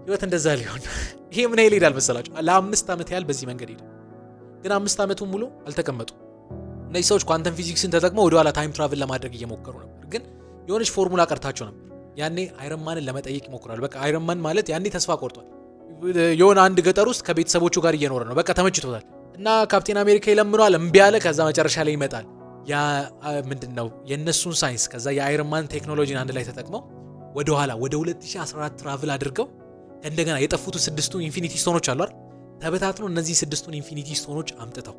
Speaker 2: ህይወት እንደዛ ሊሆን ይሄ ምን ያህል ይሄዳል መሰላቸው? ለአምስት ዓመት ያህል በዚህ መንገድ ሄደ። ግን አምስት ዓመቱን ሙሉ አልተቀመጡ። እነዚህ ሰዎች ኳንተም ፊዚክስን ተጠቅመው ወደኋላ ታይም ትራቭል ለማድረግ እየሞከሩ ነበር። ግን የሆነች ፎርሙላ ቀርታቸው ነበር። ያኔ አይረንማንን ለመጠየቅ ይሞክራሉ። በቃ አይረንማን ማለት ያኔ ተስፋ ቆርጧል። የሆነ አንድ ገጠር ውስጥ ከቤተሰቦቹ ጋር እየኖረ ነው። በቃ ተመችቶታል። እና ካፕቴን አሜሪካ ይለምኗል፣ እምቢ አለ። ከዛ መጨረሻ ላይ ይመጣል ያ ምንድን ነው የእነሱን ሳይንስ ከዛ የአይርማን ቴክኖሎጂን አንድ ላይ ተጠቅመው ወደኋላ ወደ 2014 ትራቭል አድርገው እንደገና የጠፉት ስድስቱ ኢንፊኒቲ ስቶኖች አሉ አይደል እነዚህ ስድስቱን ኢንፊኒቲ ስቶኖች አምጥተው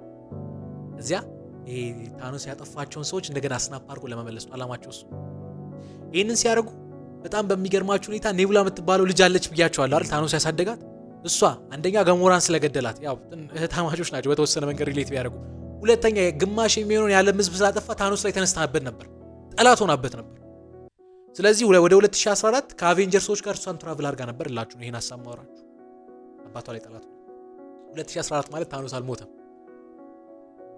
Speaker 2: እዚያ ታኖስ ያጠፋቸውን ሰዎች እንደገና ስናፕ አድርጎ ለመመለስ ነው አላማቸው እሱ። ይህንን ሲያደርጉ በጣም በሚገርማችሁ ሁኔታ ኔቡላ የምትባለው ልጅ አለች ብያቸዋለሁ አይደል ታኖስ ያሳደጋት እሷ አንደኛ ገሞራን ስለገደላት ያው እህትማማቾች ናቸው በተወሰነ መንገድ ሪሌት ቢያደርጉ፣ ሁለተኛ ግማሽ የሚሆነውን የዓለም ህዝብ ስላጠፋ ታኖስ ላይ ተነስታበት ነበር፣ ጠላት ሆናበት ነበር። ስለዚህ ወደ 2014 ከአቬንጀርሶች ጋር እሷን ትራቭል አድርጋ ነበር እላችሁ ይህን ሀሳብ ማወራችሁ አባቷ ላይ ጠላት 2014 ማለት ታኖስ አልሞተም።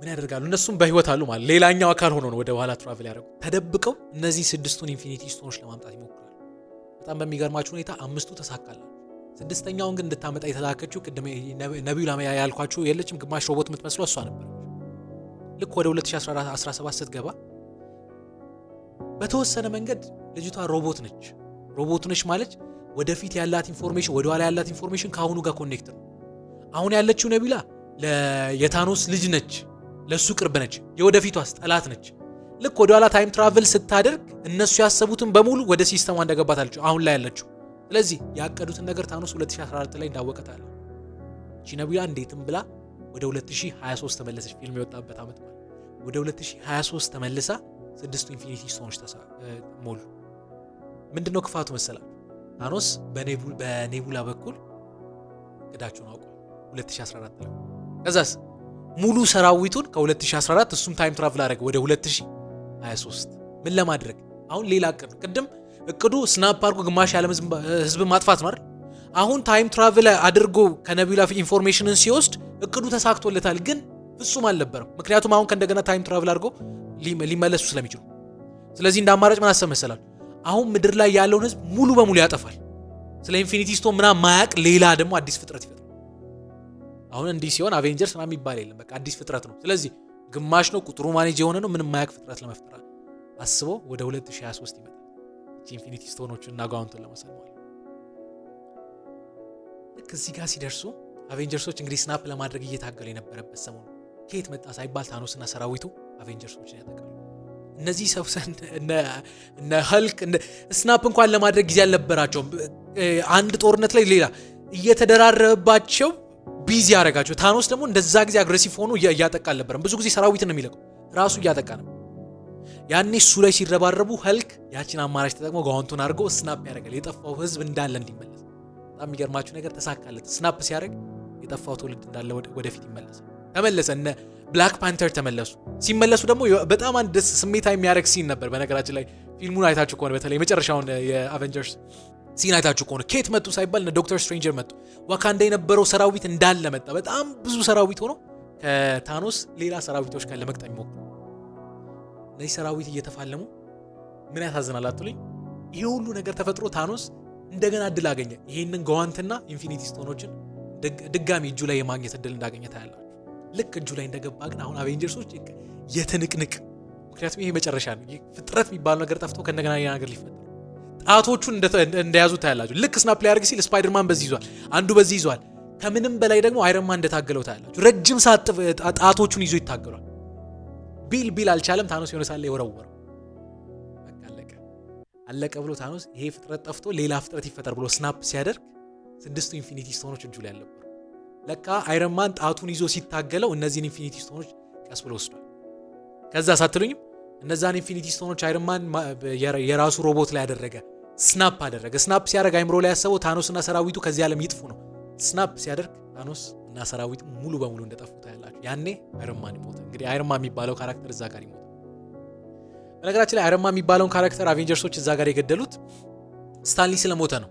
Speaker 2: ምን ያደርጋሉ? እነሱም በህይወት አሉ ማለት ሌላኛው አካል ሆኖ ነው ወደ ኋላ ትራቭል ያደረጉ። ተደብቀው እነዚህ ስድስቱን ኢንፊኒቲ ስቶኖች ለማምጣት ይሞክራሉ። በጣም በሚገርማችሁ ሁኔታ አምስቱ ተሳካላል። ስድስተኛውን ግን እንድታመጣ የተላከችው ቅድም ነቢዩ ላመያ ያልኳችሁ የለችም፣ ግማሽ ሮቦት የምትመስሉ እሷ ነበር። ልክ ወደ 2017 ስትገባ በተወሰነ መንገድ ልጅቷ ሮቦት ነች። ሮቦት ነች ማለች ወደፊት ያላት ኢንፎርሜሽን ወደኋላ ያላት ኢንፎርሜሽን ከአሁኑ ጋር ኮኔክት ነው። አሁን ያለችው ነቢላ የታኖስ ልጅ ነች፣ ለእሱ ቅርብ ነች፣ የወደፊቷስ ጠላት ነች። ልክ ወደኋላ ታይም ትራቨል ስታደርግ እነሱ ያሰቡትን በሙሉ ወደ ሲስተሟ እንደገባት አሁን ላይ ያለችው ስለዚህ ያቀዱትን ነገር ታኖስ 2014 ላይ እንዳወቀታለ ቺነቡያ እንዴትም ብላ ወደ 2023 ተመለሰች። ፊልም የወጣበት ዓመት ማለት ወደ 2023 ተመልሳ ስድስቱ ኢንፊኒቲ ስቶኖች ሞሉ። ምንድነው ክፋቱ መሰላ ታኖስ በኔቡላ በኩል እቅዳቸውን አውቁ 2014 ላይ ከዛስ ሙሉ ሰራዊቱን ከ2014 እሱም ታይም ትራቭል አድረገ ወደ 2023 ምን ለማድረግ አሁን ሌላ ቅድም እቅዱ ስናፕ አድርጎ ግማሽ ያለም ህዝብ ማጥፋት ነው አይደል? አሁን ታይም ትራቭል አድርጎ ከነቢዩ ኢንፎርሜሽንን ሲወስድ እቅዱ ተሳክቶለታል፣ ግን ፍጹም አልነበረም። ምክንያቱም አሁን ከእንደገና ታይም ትራቭል አድርጎ ሊመለሱ ስለሚችሉ፣ ስለዚህ እንደ አማራጭ ምን አሰብ መሰላል? አሁን ምድር ላይ ያለውን ህዝብ ሙሉ በሙሉ ያጠፋል። ስለ ኢንፊኒቲ ስቶን ምናምን ማያቅ ሌላ ደግሞ አዲስ ፍጥረት ይፈጥራል። አሁን እንዲህ ሲሆን አቬንጀርስ ምናምን የሚባል የለም፣ በቃ አዲስ ፍጥረት ነው። ስለዚህ ግማሽ ነው ቁጥሩ ማኔጅ የሆነ ነው። ምንም ማያቅ ፍጥረት ለመፍጠር አስቦ ወደ 2023 ይመጣል። ሰዎች ኢንፊኒቲ ስቶኖችን እና ጓውንቱን ለመሰልሟል። ልክ እዚህ ጋር ሲደርሱ አቬንጀርሶች እንግዲህ ስናፕ ለማድረግ እየታገሉ የነበረበት ሰሞኑ ከየት መጣ ሳይባል ታኖስና ሰራዊቱ አቬንጀርሶችን ያጠቃሉ። እነዚህ ሰብሰን እነ ሀልክ ስናፕ እንኳን ለማድረግ ጊዜ አልነበራቸውም። አንድ ጦርነት ላይ ሌላ እየተደራረበባቸው ቢዚ ያደረጋቸው። ታኖስ ደግሞ እንደዛ ጊዜ አግሬሲቭ ሆኖ እያጠቃ አልነበረም። ብዙ ጊዜ ሰራዊትን ነው የሚለቀው፣ ራሱ እያጠቃ ነበር። ያኔ እሱ ላይ ሲረባረቡ ህልክ ያችን አማራጭ ተጠቅሞ ጋውንቱን አድርጎ ስናፕ ያደርጋል የጠፋው ህዝብ እንዳለ እንዲመለስ። በጣም የሚገርማችሁ ነገር ተሳካለት። ስናፕ ሲያደርግ የጠፋው ትውልድ እንዳለ ወደፊት ይመለስ ተመለሰ። እነ ብላክ ፓንተር ተመለሱ። ሲመለሱ ደግሞ በጣም አንድ ደስ ስሜታ የሚያደርግ ሲን ነበር። በነገራችን ላይ ፊልሙን አይታችሁ ከሆነ በተለይ መጨረሻውን የአቨንጀርስ ሲን አይታችሁ ከሆነ ኬት መጡ ሳይባል እነ ዶክተር ስትሬንጀር መጡ። ዋካንዳ የነበረው ሰራዊት እንዳለ መጣ። በጣም ብዙ ሰራዊት ሆኖ ከታኖስ ሌላ ሰራዊቶች ጋር ለመቅጠም ይሞክሩ ለዚህ ሰራዊት እየተፋለሙ ምን ያሳዝናል አትሉኝ? ይሄ ሁሉ ነገር ተፈጥሮ ታኖስ እንደገና እድል አገኘ። ይሄንን ገዋንትና ኢንፊኒቲ ስቶኖችን ድጋሚ እጁ ላይ የማግኘት እድል እንዳገኘ ታያላችሁ። ልክ እጁ ላይ እንደገባ ግን አሁን አቬንጀርሶች የትንቅንቅ ምክንያቱም ይሄ መጨረሻ ነው። ፍጥረት የሚባለው ነገር ጠፍቶ ከእንደገና ሌላ ነገር ሊፈጠር ጣቶቹን እንደያዙ ታያላችሁ። ልክ ስናፕ ሊያደርግ ሲል ስፓይደርማን በዚህ ይዟል፣ አንዱ በዚህ ይዟል። ከምንም በላይ ደግሞ አይረንማን እንደታገለው ታያላችሁ። ረጅም ሰዓት ጣቶቹን ይዞ ይታገሏል። ቢል ቢል አልቻለም። ታኖስ የሆነ ሳለ የወረወረው በቃ አለቀ አለቀ ብሎ ታኖስ ይሄ ፍጥረት ጠፍቶ ሌላ ፍጥረት ይፈጠር ብሎ ስናፕ ሲያደርግ ስድስቱ ኢንፊኒቲ ስቶኖች እጁ ላይ አልነበሩ። ለካ አይረንማን ጣቱን ይዞ ሲታገለው እነዚህን ኢንፊኒቲ ስቶኖች ቀስ ብሎ ወስዷል። ከዛ ሳትሉኝም እነዛን ኢንፊኒቲ ስቶኖች አይረንማን የራሱ ሮቦት ላይ ያደረገ ስናፕ አደረገ። ስናፕ ሲያደርግ አይምሮ ላይ ያሰበው ታኖስና ሰራዊቱ ከዚህ ዓለም ይጥፉ ነው። ስናፕ ሲያደርግ ታኖስ እና ሰራዊት ሙሉ በሙሉ እንደጠፉ ታያላችሁ። ያኔ አይረማን ይሞት። እንግዲህ አይረማ የሚባለው ካራክተር እዛ ጋር ይሞት። በነገራችን ላይ አይረማ የሚባለውን ካራክተር አቬንጀርሶች እዛ ጋር የገደሉት ስታንሊ ስለሞተ ነው።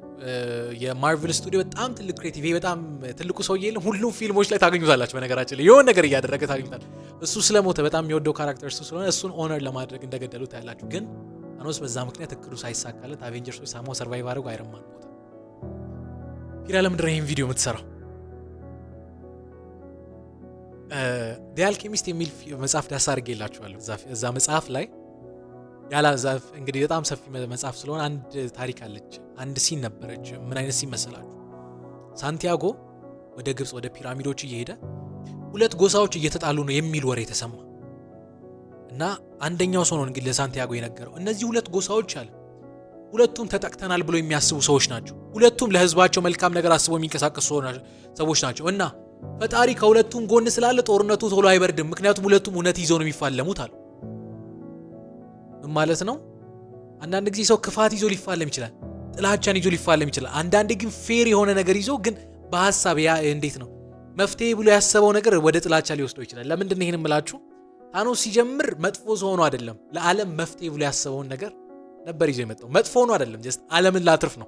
Speaker 2: የማርቨል ስቱዲዮ በጣም ትልቅ ክሬቲቭ፣ በጣም ትልቁ ሰውዬ የለም። ሁሉም ፊልሞች ላይ ታገኙታላችሁ። በነገራችን ላይ የሆን ነገር እያደረገ ታገኙታል። እሱ ስለሞተ በጣም የሚወደው ካራክተር እሱ ስለሆነ እሱን ኦነር ለማድረግ እንደገደሉት ታያላችሁ። ግን አኖስ በዛ ምክንያት እክሉ ሳይሳካለት አቬንጀርሶች ሳማው ሰርቫይቭ አድርጎ አይረማን ሞተ። ሂዳ ለምንድን ነው ይህን ቪዲዮ የምትሰራው? ዲያልኬሚስት የሚል መጽሐፍ ዳሳ አድርጌላችኋለሁ። እዛ መጽሐፍ ላይ ያላ እንግዲህ በጣም ሰፊ መጽሐፍ ስለሆነ አንድ ታሪክ አለች። አንድ ሲን ነበረች። ምን አይነት ሲን መሰላችሁ? ሳንቲያጎ ወደ ግብፅ ወደ ፒራሚዶች እየሄደ ሁለት ጎሳዎች እየተጣሉ ነው የሚል ወሬ የተሰማ እና አንደኛው ሰው ነው እንግዲህ ለሳንቲያጎ የነገረው እነዚህ ሁለት ጎሳዎች አለ ሁለቱም ተጠቅተናል ብሎ የሚያስቡ ሰዎች ናቸው። ሁለቱም ለህዝባቸው መልካም ነገር አስበው የሚንቀሳቀሱ ሰዎች ናቸው እና ፈጣሪ ከሁለቱም ጎን ስላለ ጦርነቱ ቶሎ አይበርድም። ምክንያቱም ሁለቱም እውነት ይዘው ነው የሚፋለሙት አሉ። ምን ማለት ነው? አንዳንድ ጊዜ ሰው ክፋት ይዞ ሊፋለም ይችላል። ጥላቻን ይዞ ሊፋለም ይችላል። አንዳንዴ ግን ፌር የሆነ ነገር ይዞ ግን በሀሳብ ያ እንዴት ነው መፍትሄ ብሎ ያሰበው ነገር ወደ ጥላቻ ሊወስደው ይችላል። ለምንድን ነው ይህን ምላችሁ ታኖስ ሲጀምር መጥፎ ሰው ሆኖ አይደለም፣ ለዓለም መፍትሄ ብሎ ያሰበውን ነገር ነበር ይዞ የመጣው። መጥፎ ሆኖ አይደለም፣ ጀስት ዓለምን ላትርፍ ነው።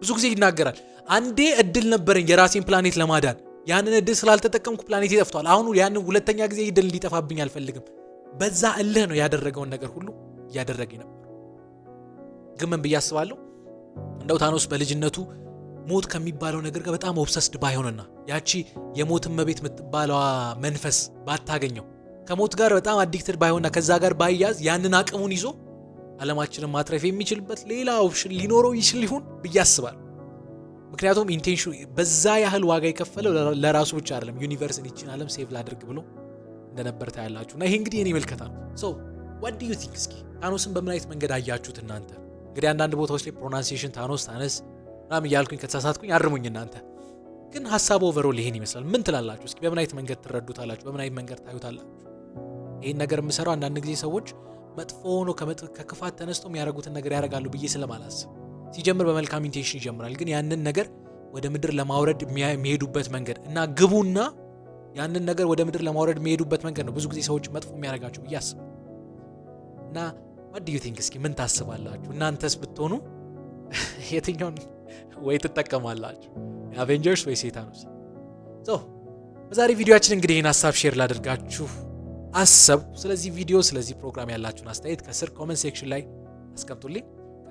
Speaker 2: ብዙ ጊዜ ይናገራል። አንዴ እድል ነበረኝ የራሴን ፕላኔት ለማዳን ያንን እድል ስላልተጠቀምኩ ፕላኔት ይጠፍቷል። አሁኑ ያንን ሁለተኛ ጊዜ ይድል እንዲጠፋብኝ አልፈልግም። በዛ እልህ ነው ያደረገውን ነገር ሁሉ እያደረገ ነበር። ግምን ብዬ አስባለሁ እንደው ታኖስ በልጅነቱ ሞት ከሚባለው ነገር ጋር በጣም ኦብሰስድ ባይሆንና ያቺ የሞት እመቤት የምትባለዋ መንፈስ ባታገኘው ከሞት ጋር በጣም አዲክትድ ባይሆንና ከዛ ጋር ባያዝ ያንን አቅሙን ይዞ ዓለማችንን ማትረፍ የሚችልበት ሌላ ኦፕሽን ሊኖረው ይችል ይሆን ብዬ አስባለሁ። ምክንያቱም ኢንቴንሽኑ በዛ ያህል ዋጋ የከፈለው ለራሱ ብቻ አይደለም፣ ዩኒቨርስን ይችን አለም ሴቭ ላድርግ ብሎ እንደነበር ታያላችሁ። እና ይሄ እንግዲህ እኔ መልከታ ነው። ሶ ዩ ቲንክ? እስኪ ታኖስን በምን አይነት መንገድ አያችሁት እናንተ? እንግዲህ አንዳንድ ቦታዎች ላይ ፕሮናንሴሽን ታኖስ፣ ታነስ ናም እያልኩኝ ከተሳሳትኩኝ አርሙኝ እናንተ። ግን ሀሳብ ኦቨሮል ይሄን ይመስላል። ምን ትላላችሁ እስኪ? በምን አይነት መንገድ ትረዱታላችሁ? በምን አይነት መንገድ ታዩታላችሁ? ይህን ነገር የምሰራው አንዳንድ ጊዜ ሰዎች መጥፎ ሆኖ ከክፋት ተነስቶ የሚያደረጉትን ነገር ያደርጋሉ ብዬ ስለማላስብ ሲጀምር በመልካም ኢንቴንሽን ይጀምራል። ግን ያንን ነገር ወደ ምድር ለማውረድ የሚሄዱበት መንገድ እና ግቡና ያንን ነገር ወደ ምድር ለማውረድ የሚሄዱበት መንገድ ነው ብዙ ጊዜ ሰዎች መጥፎ የሚያደርጋቸው ብዬ አስባለሁ። እና ዋት ዩ ቲንክ እስኪ ምን ታስባላችሁ? እናንተስ ብትሆኑ የትኛውን ወይ ትጠቀማላችሁ? አቬንጀርስ ወይ ሴታኖስ? በዛሬ ቪዲዮችን እንግዲህ ይህን ሀሳብ ሼር ላደርጋችሁ አሰብኩ። ስለዚህ ቪዲዮ ስለዚህ ፕሮግራም ያላችሁን አስተያየት ከስር ኮመንት ሴክሽን ላይ አስቀምጡልኝ።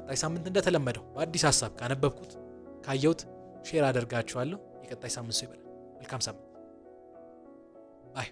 Speaker 2: ቀጣይ ሳምንት እንደተለመደው በአዲስ ሀሳብ ካነበብኩት ካየሁት ሼር አደርጋችኋለሁ። የቀጣይ ሳምንት ሰው ይበላል። መልካም ሳምንት። ባይ